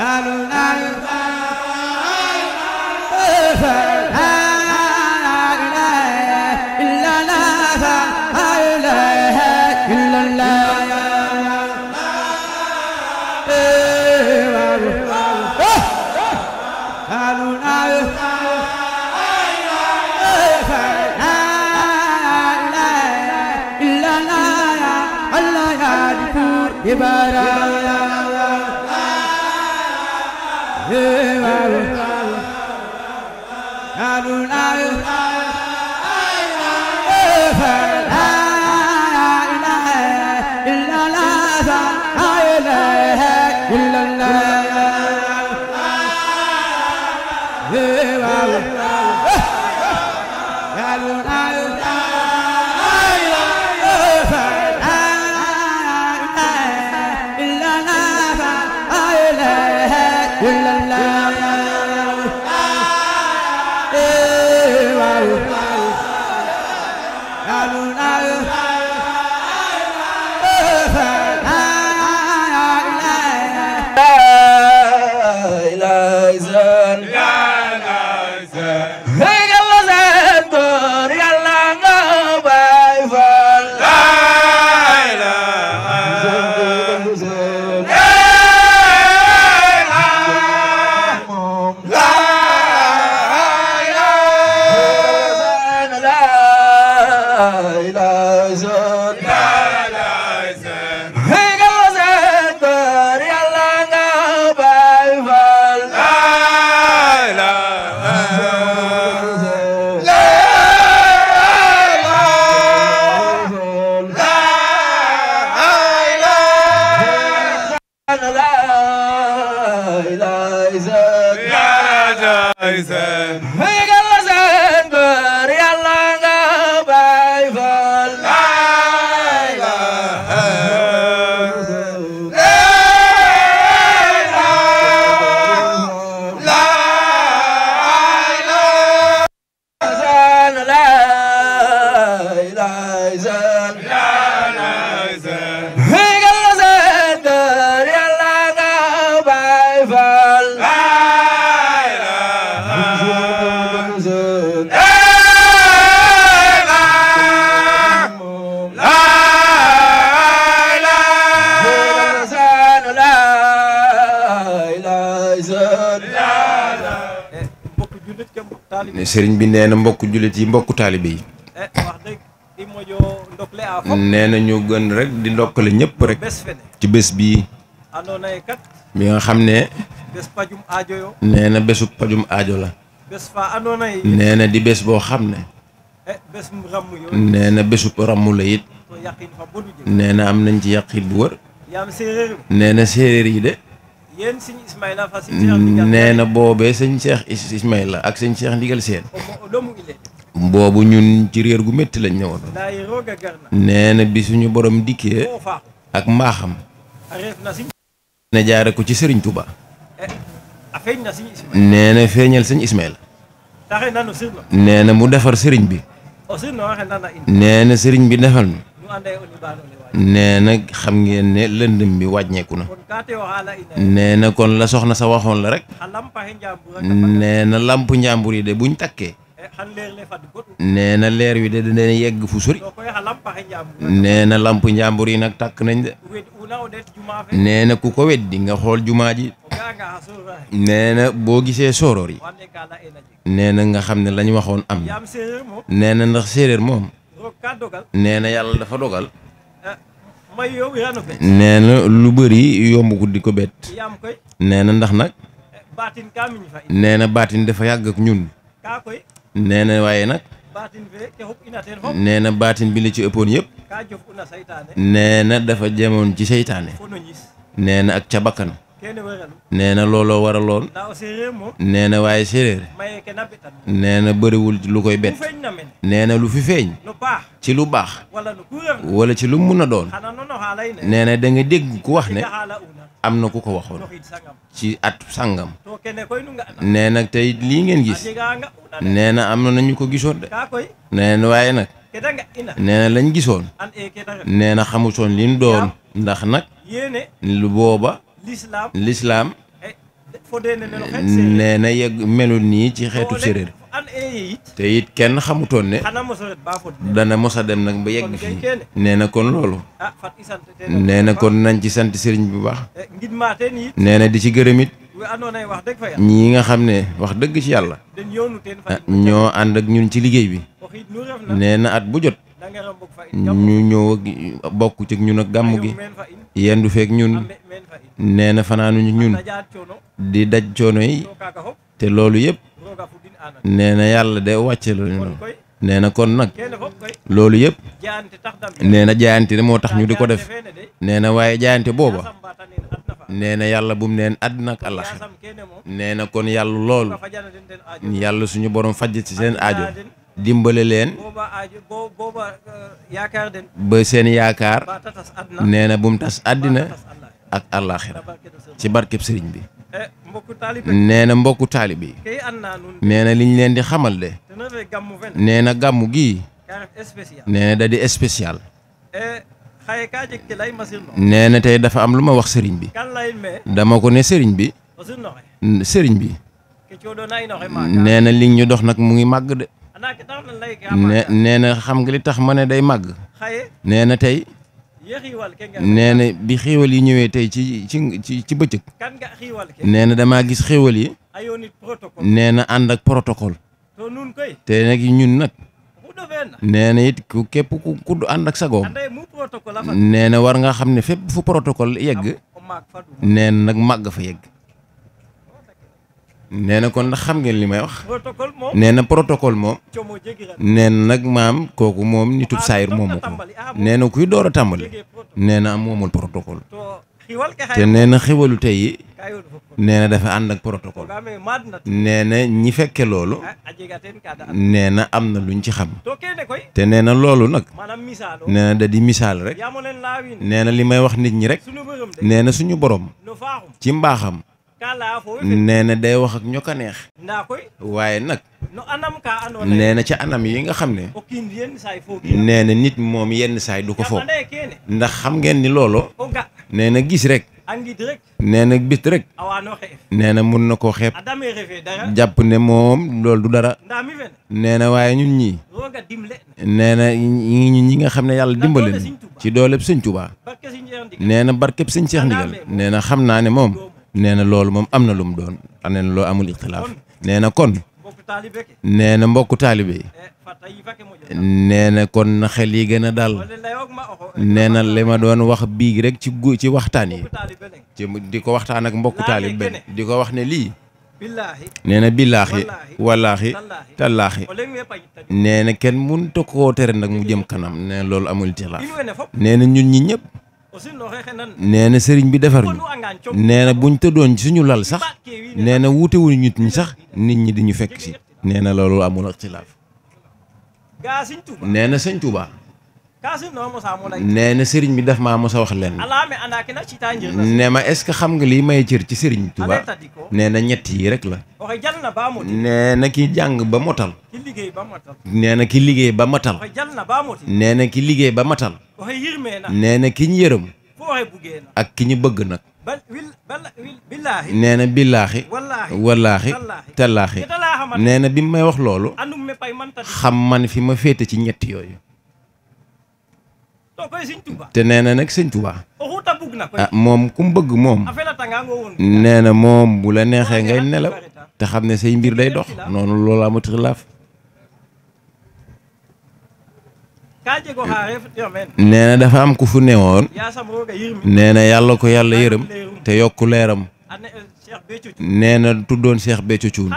I don't know. ibaara Nesirin sëriñ bi nee na mbokku yi mbokku taalibe yi eh, nee ñu gën rek di ndokkale ñëpp rek ci bes bi mi nga xam ne nee na pajum aajo la nee di bes bo ne nee na eh, la am nañ ci yàqit bu wër de yéen sëñ Ismaïla fa sëñ mm, nee na boobee sëñ Cheikh ak sëñ Cheikh seen boobu ñun ci gu métti lañ ñëwoon suñu borom dikkee ak mbaaxam ne jaare ko ci sëriñ Touba eh, nee feeñal sëñ Ismaïla neena mu defar sëriñ bi oh, nee sëriñ bi defal mi nee na xam ngeen ne lëndëm bi wàññeeku na nee na kon la soxna sa waxoon la rek nee na làmp njàmbur yi de buñ takkee nee na leer wi de dana yegg fu sori nee na làmp njàmbur yi nag tàkk nañ de nee na ku ko weddi nga xool jumaa ji nee na boo gisee sooroor yi nee na nga xam ne lañ waxoon am na nee na ndax séeréer moom nee na yàlla dafa dogal neena na lu bëri yomb guddi ko bett nee na ndax nag eh, nee na baatin dafa yàgg ak ñun nee na waaye nag nee na baatin bi la ci ëppoon yëpp nee na dafa jemoon ci seytaane nee na ak ca bakkan nee na looloo waraloon nee na waaye séeréer nee na bëriwul lu koy bett nee na lu fi feeñ ci lu baax wala ci lu mun a doon nee na da dégg ku wax ne am na ku ko waxoon ci at sàngam nee na tey lii ngeen gis nee na am na nañu ko gisoon de waaye nag nee na lañ gisoon nee na xamutoon li ñu doon ndax nag lu booba l'islam eh, nee na yegg melul nii ci ken hamutone, te it kenn xamutoon ne dana mos a dem nag ba yegg fii nee na kon loolu ah, nee na kon nañ ci sant sëriñ bu baax eh, di ci ya. nga wax ci ah, ak ñun ci bi nee at bu jot ñu ñëw ak bokk ci ñun ak gàmm gi yendu feek ñun nee na fanaanuñu ñun di daj coono yi te loolu yëpp nee na yàlla de wàcce la ñu nee na kon nag loolu yëpp nee na jaayante de moo tax ñu di ko def nee na waaye jaayante booba nee na yàlla bum neen àddina ak àllaxira nee na kon yàlla loolu yàlla suñu borom faj ci seen aajo dimbale uh, leen ba seen yaakaar nee na bu mu tas àddina ak àllaaxira ci barkeb sëriñ bi eh, nee na mbokku taalib yi nee na li leen di xamal de nee na gàmmu gi nee na da di spécial eh, nee na tey dafa am lu ma wax sëriñ bi dama ko ne sëriñ bi sëriñ bi e nee na ñu dox nag mu ngi màgg de ne nee na xam nga li tax ma ne day màgg nee na tey nee na bi xéewal yi ñëwee tey ci ci ci bëccëg nee na damaa gis xéewal yi nee na ànd ak protocole te nag ñun nag nee na it ku képp ku ku ànd ak sagoom nee na war nga xam ne fépp fu protocole yegg nee nag màgg fa yegg nee na kon ndax xam ngeen li may wax nee na protocole moom nee nag maam kooku moom nitub saayir moomu ko nee na kuy door a tàmbali nee na am moomul protocole te nee na xewalu yi nee na dafa ànd ak porotokol nee na ñi fekke loolu nee na am na luñ ci xam te nee na loolu nag nee na da di misaal rek nee na li may wax nit ñi rek nee na suñu borom ci mbaaxam nee day wax ak ñoo ko neex. anam ka nee na ci anam yi nga xamne ne. nit mom yenn say du ko fo ndax xam ngeen ni lolo nee gis rek. nee bit rek. nee mën mun na ko xép japp ne mom loolu du dara. nee waye ñun ñi nee na ñi ñi nga xamne yalla dimbalen ci doleb sëñ touba nee barkep barkeb cheikh Ndigal. nee xamna ne nee na loolu moom am na lu mu doon nee na amul ixtilaaf nee na kon nee na mbokku taalibe yi eh, nee na kon na xel yi gën a dal nee na li ma doon wax biig rek ci gu ci waxtaan yi ci di ko waxtaan ak mbokku taalib benn di ko wax ne lii nee na billaaxi wallaaxi tallaaxi nee na kenn mënut a ko tere nag mu jëm kanam nee loolu amul ixtilaaf nee ñun ñi ñépp nee na sëriñ bi defar ñu nee na buñ tëddoon ci suñu lal sax nee na wuute wuñu nit ñi sax nit ñi di ñu fekk si nee na loolu amul ak xilaaf nee na sëñ Touba. nee na sëriñ bi daf maa mosa a wax lenn ne ma est-ce que xam nga lii may cër ci sëriñ Tuubaa nee na ñetti yi rek la nee ki jàng ba motal nee na ki liggéey ba matal nee na ki liggéey ba matal nee na ki ñu yërëm ak ki ñu bëgg nag neena billaaxi wallaaxi tallaaxi nee na bi may wax loolu xam man fi ma féete ci ñett yooyu te nee na nag sëñ Touba ah moom ku mu bëgg moom nee na moom bu la neexee ah, ngay ya, nelaw ya, ya, te xam ne mbir day dox noonu loolu amut xilaaf nee na dafa am ku fu newoon nee na ko yàlla yërëm te yokku leeram nee eh, na Cheikh Béthio Thioune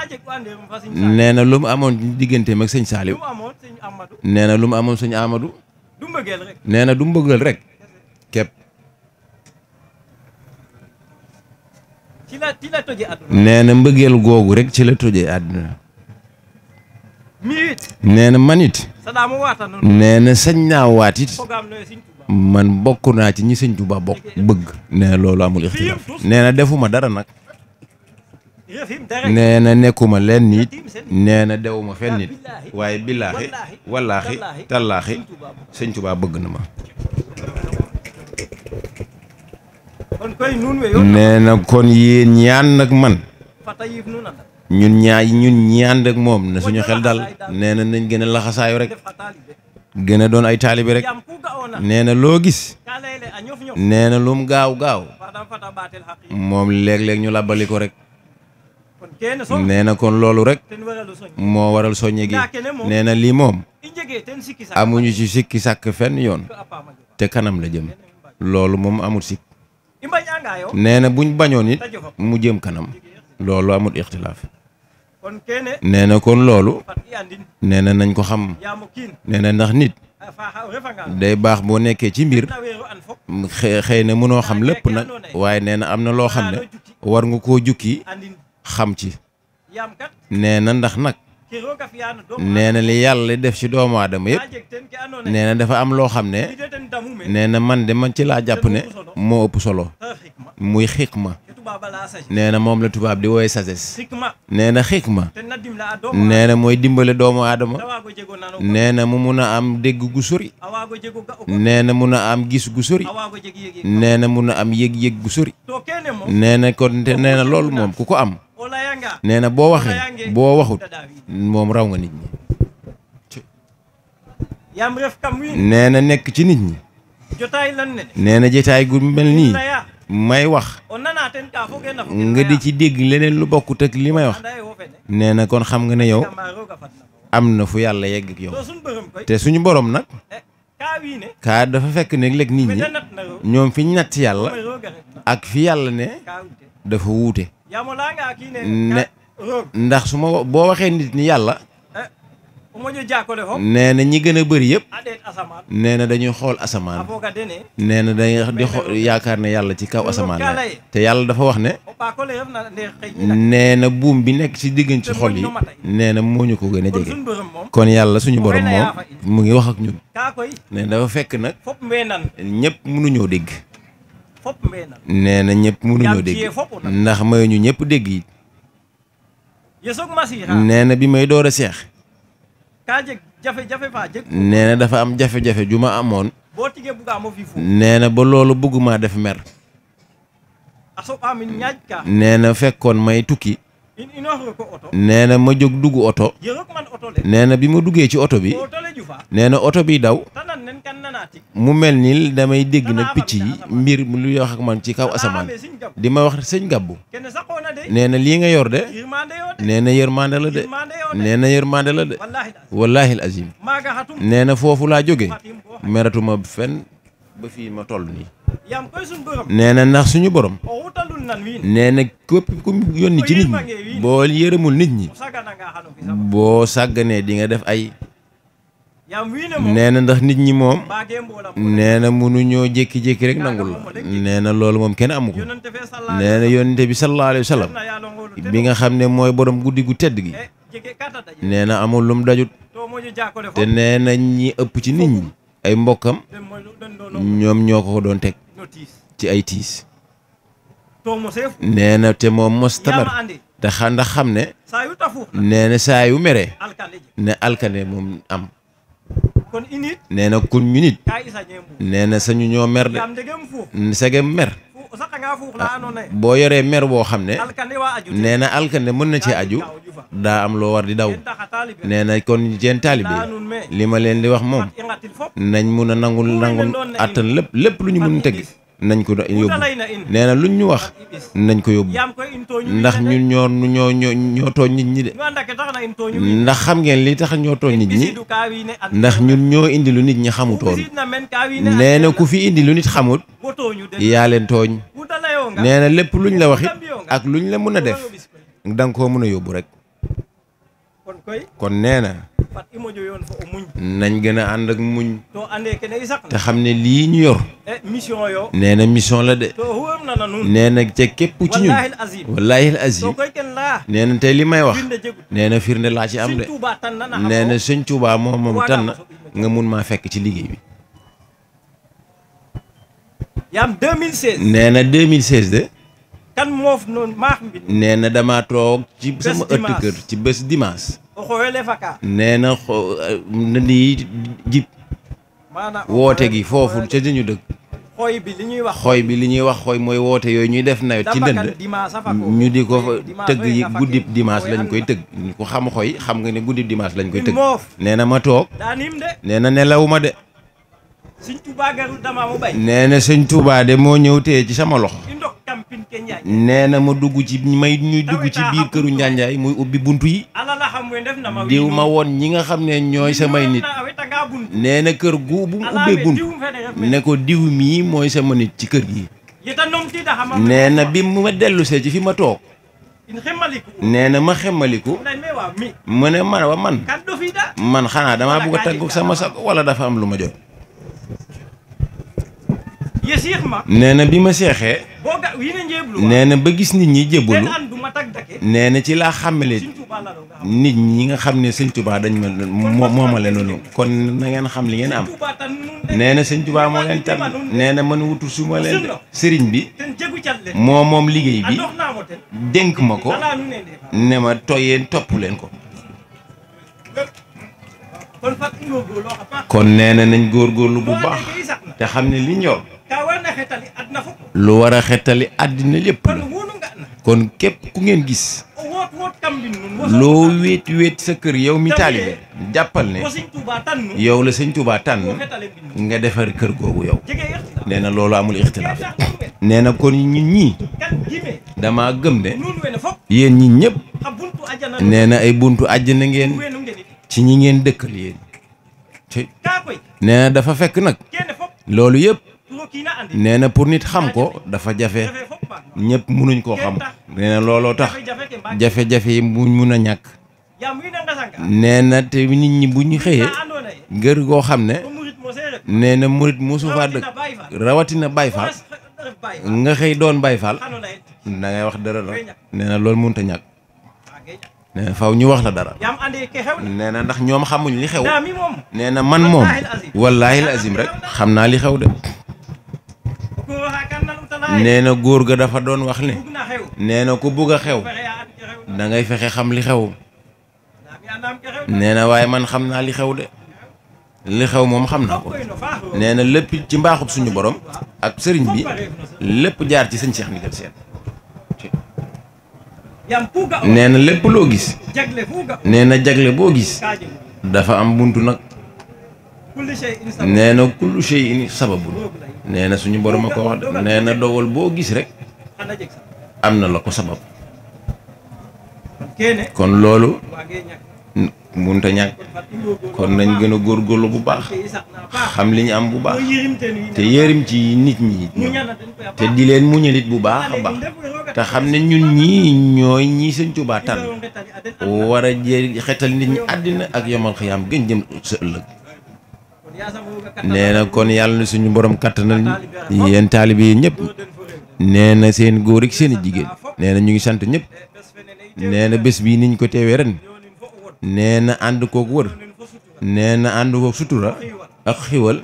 Amadou du nee na du mbëggeel rek képp. ci la nee na mbëggeel googu rekk ci la tojee àdduna. nee na man nee na sañ naa waat man bokk naa ci ñi sëñ Tuubaa bokk bëgg. nee loolu amul ixtilaaf nee na defuma dara nag. nee na nekkuma leen nit nee na dewuma fen nit waaye billaahi wallaahi tallaahi sëñ Tuubaa bëgg na ma. nee na kon yéen ñaan nag man ñun ñaa ñun ñaan ak moom na suñu xel dal nee na nañ gën a laxasaayu rek gën a doon ay taalibi rek nee na loo gis neena na lum gaaw gaaw moom léeg-léeg ñu làbbali ko rek. nee kon loolu rek moo waral soññe gi nee na lii moom amuñu ci sikki sàkk fenn yoon te kanam la jëm loolu moom amul sik nee na buñ bañoon it mu jëm kanam loolu amul ixtilaaf nee na kon loolu nee nañ ko xam ya nee ndax nit day baax boo nekkee ci mbir xëy na xam lépp nag waaye nee na am na war nga koo jukki xam ci nee na ndax nag nee na li yàlla def ci doomu aadama yépp nee na dafa am loo xam ne nee na man de man ci laa jàpp ne moo ëpp solo muy xikma nee na moom la tubaab di woy sagesse nee na ma nee na mooy dimbale doomu aadama nee na mu mun a am dégg gu sori nee na mun a am gis gu sori nee na mun a am yég yëg gu sori nee na kon nee na loolu moom ku ko am nee na boo waxee boo waxut moom raw nga nit ñi. nee na nekk ci nit ñi. nee na jotaay gu mel nii may wax e nga di ci dégg leneen lu bokkut ak li may wax e nee na kon xam nga ne yow e am na fu yàlla yegg ak yow te suñu borom nag kaa dafa fekk ne léeg nit ñi ñoom fi ñu yàlla ak fi yàlla ne dafa wuute. ne ndax su ma boo waxee nit ni yàlla eh, nee na ñi gën a bëri yëpp ah, nee na dañuy xool asamaan nee na dañuy di xool yaakaar ne yàlla ci kaw asamaan la te yàlla dafa wax ne nee na buum bi nekk ci diggante ci xol yi nee na moo ñu ko gën a jege kon yàlla suñu borom moom mu ngi wax ak ñun nee dafa fekk nag ñëpp mënuñoo dégg nee na ñëpp mënuñoo dégg ndax mayuñu ñëpp dégg yi nee na bi may door a seex nee dafa am jafe-jafe ju ma amoon nee na ba loolu bëgguma def mer nee na fekkoon may tukki neena ma jóg dugg oto nee na bi ma duggee ci oto bi nee na oto bi daw mu mel ni damay dégg nag picc yi mbir mu lu wax man ci kaw asamaan di ma wax sëñ gàbbu nee na lii nga yor de nee na yërmande la de nee na la de wallaahi azim nee foofu laa jóge meratuma fenn ba fii ma toll nii nee na ndax suñu borom nee na képp ku yónni ci nit ñi boo yërëmul nit ñi boo sàgganee di nga def ay nee na ndax nit ñi moom nee na mënuñoo jékki-jékki rek nangul la nee na loolu moom kenn amu ko nee na bi sallallahu alayhi wa bi nga xam ne mooy borom guddi gu tedd gi eh, nee na amul lum dajut te nee na ñi ëpp ci nit ñi ay mbokkam ñoom ñoo ko doon teg ci ay tiis nee na te moom mostamar te xam ne nee na saa ne alkane moom am nee na kun ñu nit nee na sañu ñoo mer de sagem mer Ah, boo yoree mer boo xam ne nee na alkande mën na ci aju daa am loo war di daw nee na kon seen taalibe li ma leen di wax moom nañ mun a nangu nangu àttan lépp lépp lu ñu mun tëgg nañ ko yóbbu nee na luñ ñu wax nañ ko yóbbu ndax ñu ñoo ñoo ñoo ñoo tooñ nit ñi de ndax xam ngeen li tax ñoo tooñ nit ñi ndax ñun ñoo indi lu nit ñi xamutoon nee na ku fi indi lu nit xamut yaa leen tooñ nee na lépp luñ la wax it ak luñ la mën a def da ko mën a yóbbu rek kon nee na. nañ gën a ànd ak muñ te xam ne lii ñu yor eh, nee na mission la de nee na képp ci ñun wallaahil azim nee na tey li may wax nee na firnde laa ci am de nee na sëñ Tuubaa moom moom tànn nga mun maa fekk ci liggéey bi yaam na 2016 de kan moof noonu maax nee na damaa toog ci sama ëttu kër ci bés dimanche o xooyele faka nee na na nii jib woote gi foofu ca ñu dëkk xooy bi li ñuy wax xooy mooy woote yooyu ñuy def nawet ci ndënd ñu di ko tëgg yi guddib dimanche lañ koy tëgg ko xam xooy xam nga ne guddib dimanche lañ koy tëgg nee na ma toog nee na de sëñ Touba garu Touba de mo ñëw ci sama loxo. nee na ma dugg ci may ñuy dugg ci biir këru Njaanjaay muy ubbi buntu yi. diw ma won ñi nga xam ne ñooy samay nit. nee na gu bu mu buntu ne ko diw mi mooy sama nit ci kër gi. nee bi bi ma dellusee ci fi ma toog. nee ma xemmaliku ne man wa man kan man xanaa damaa bëgg sama sago wala dafa am lu ma ya seex ma nee na bi ma seexee nee na ba gis nit ñi jébbalu nee ci nit ñi nga xam ne sëñ dañ ma moo ma kon na ngeen xam li ngeen am nee na sëñ mo moo leen tànn nee na man wutu su ma leen sëriñ bi moo moom liggéey bi dénk ma ko ne toyeen leen ko kon nee na nañ góorgóorlu bu baax te li lu war xetali adina lepp kon kep ku ngeen gis lo wet wet sa keur yow mi taalibe jappal ne yow la seigne touba tan nga defar keur gogou yow nee lolu amul ikhtilaf nee kon ñun ñi kan dama gëm ne yeen ñi ñep nee ay buntu aljana ngeen ci ñi ngeen dekkal yeen dafa fekk nak lolu nee na pour nit xam ko dafa jafe ñëpp munuñ koo xam nee na looloo tax jafe-jafe yi mu mun a ñàkk nee na te nit ñi bu ñu xëyee ngër goo xam ne nee na murit mosu faa dëkk rawatina Baay Faal nga xëy doon Baay Faal da ngay wax dara dara nee na loolu mënut ñàkk na faaw ñu wax la dara na ndax ñoom xamuñ li xew nee na man moom wallaahi azim rek xam naa li xew de. nee na góor ga dafa doon wax ne nee na ko bugg a xew dangay fexe xam li xew nee na waaye man xam naa li xew de li xew moom xam naa ko nee na lépp ci mbaaxub suñu borom ak sëriñ bi lépp jaar ci sëñ Cheikh Ndigal Sène nee na lépp loo gis nee na jagle boo gis dafa am buntu nag nee na kullu shay'in sababun nee na suñu borom a ko wax de nee na boo gis rek am na la ko sabab kon loolu munta ñàkk kon nañ gën a góorlu bu baax xam li ñu am bu baax te yërim ci nit ñi te di leen muñalit bu baax a baax te xam ne ñun ñii ñooy ñii sëñ tubaatan war a jël xetal nit ñi àddina ak yomal xiyaam gën jëm sa ëllëg nee kon yalla nu suñu borom kattanal yéen taalibe yi ñëpp nee seen goor ak seen jigeen nee ñu ngi sant ñep nee bes bi niñ ko tewé ren nee and ko kook wër nee na sutura ak xiwal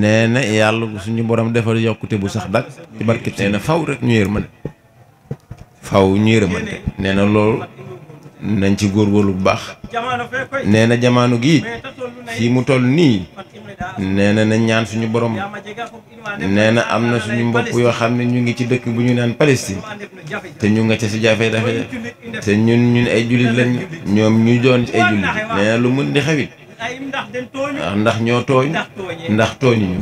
nee yalla suñu borom defal yokute bu sax dak ci barke faw rek ñu man faw ñu yër man lool nañ ci goor wolu bax jamanu gi fii mu toll nii nee na na ñaan suñu borom nee na am na suñu mbokk yoo xam ne ñu ngi ci dëkk bu ñu naan Palestine te ñu nga ca si jafe-jafe te ñun ñun ay jullit lañ ñoom ñu doon ci ay jullit nee lu mën di xewit ndax ñoo tooñ ndax tooñuñu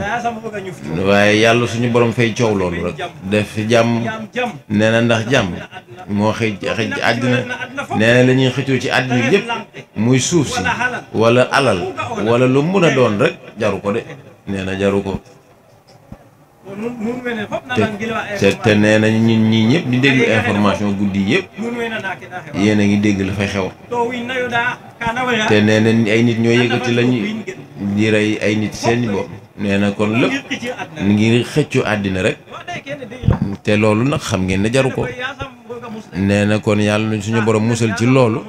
waaye yàlla suñu borom fay coow loolu rek def fi jàmm nee na ndax jàmm moo xëy xëy ci àddina nee na la ñuy ci àddina yépp muy suuf si wala alal walla lu mun a doon rek jaru ko de nee na jaru ko te te nee nañ ñun ñii ñëpp di déglu information guddi yëpp yéen a ngi dégg la fay xew te nee na ay nit ñoo yëkkati lañu di rey ay nit seen bopp nee na kon lépp ni ngi xëccu àddina rek te loolu nag xam ngeen ne jaru ko nee na kon yàlla nañ suñu borom musal ci loolu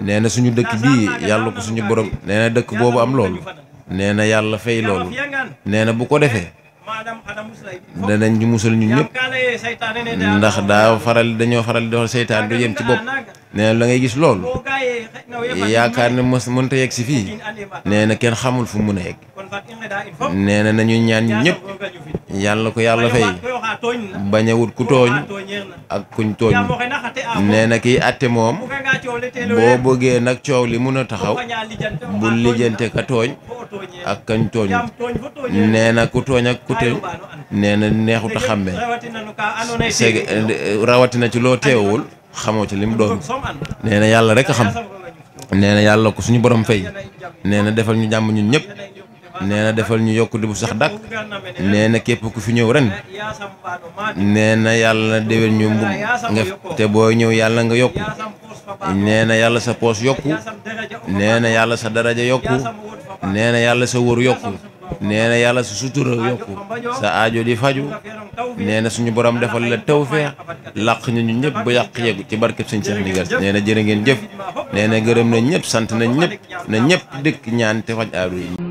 nee na suñu dëkk bii yàlla ko suñu borom nee na dëkk boobu am loolu nee fay nee danañ ñu musal ñun ñëpp ndax daa faral dañoo faral di wax seytaan du yem ci bopp nee na la ngay gis loolu yaakaar ne mos mënta yegg si fii nee na kenn xamul fu mun a yegg nee na nañu ñaan ñun ñëpp yàlla ko yàlla fa bañ a ku tooñ ak kuñ tooñ nee na kiy àtte moom boo bëggee nag coow li mun a taxaw bu lijjante ka tooñ ak kañ tooñ nee na ku tooñ ak ku te nee na neexut a xàmme rawatina ci loo teewul xamoo ci lim doon nee na yàlla rek a xam nee na yàlla ko suñu boroom fay nee na defal ñu jàmm ñun ñëpp nee na defal ñu yokk di bu sax dàkk nee na képp ku fi ñëw ren nee na yàlla déwén ñu mbub nga te booy ñëw yàlla nga yokku nee yàlla sa poos yokku nee yàlla sa daraja yokku nee na yàlla sa wóor yokku nee na yàlla sa sutura yokku sa aajo di faju nee na suñu borom defal la tawfeex làq ñu ñu ñëpp ba yàq yeggu ci barkeb sëñ Cheikh Ndigal nee na jërë ngeen jëf nee na gërëm na ñëpp sant na ñëpp na ñëpp dëkk ñaan te faj aadu yi